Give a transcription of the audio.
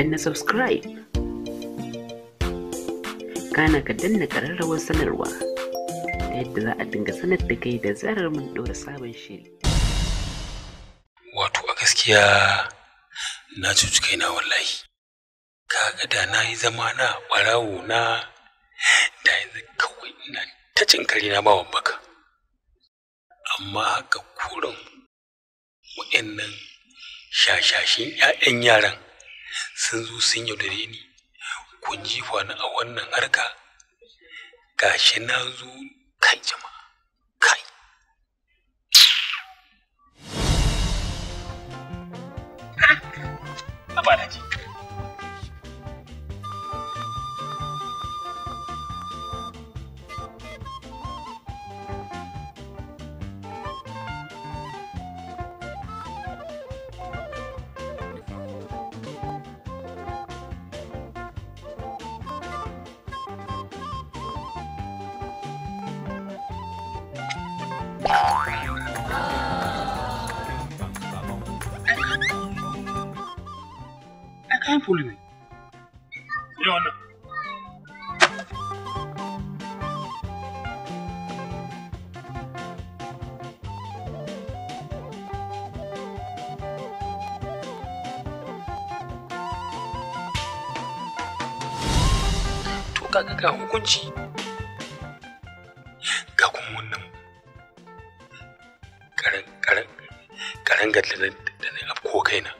danna subscribe kana ka danna ƙararrawar sanarwa ta yadda za a dinga sanar da kai da zarar mun ɗora sabon shiri wato a gaskiya na cuci na wallahi kaga da na yi zama na ɓarawo na da yanzu kawai ina ta cin kari na ba baka amma ga kurin nan shashashin 'ya'yan yaran sun zo sun yaudare ni kun jifa ni a wannan harka gashi na zo kai jama'a kai ah! ji ai kayan fulu ne yau wannan kaga ga hukunci ga kuma wannan karen karen karen da na afko kaina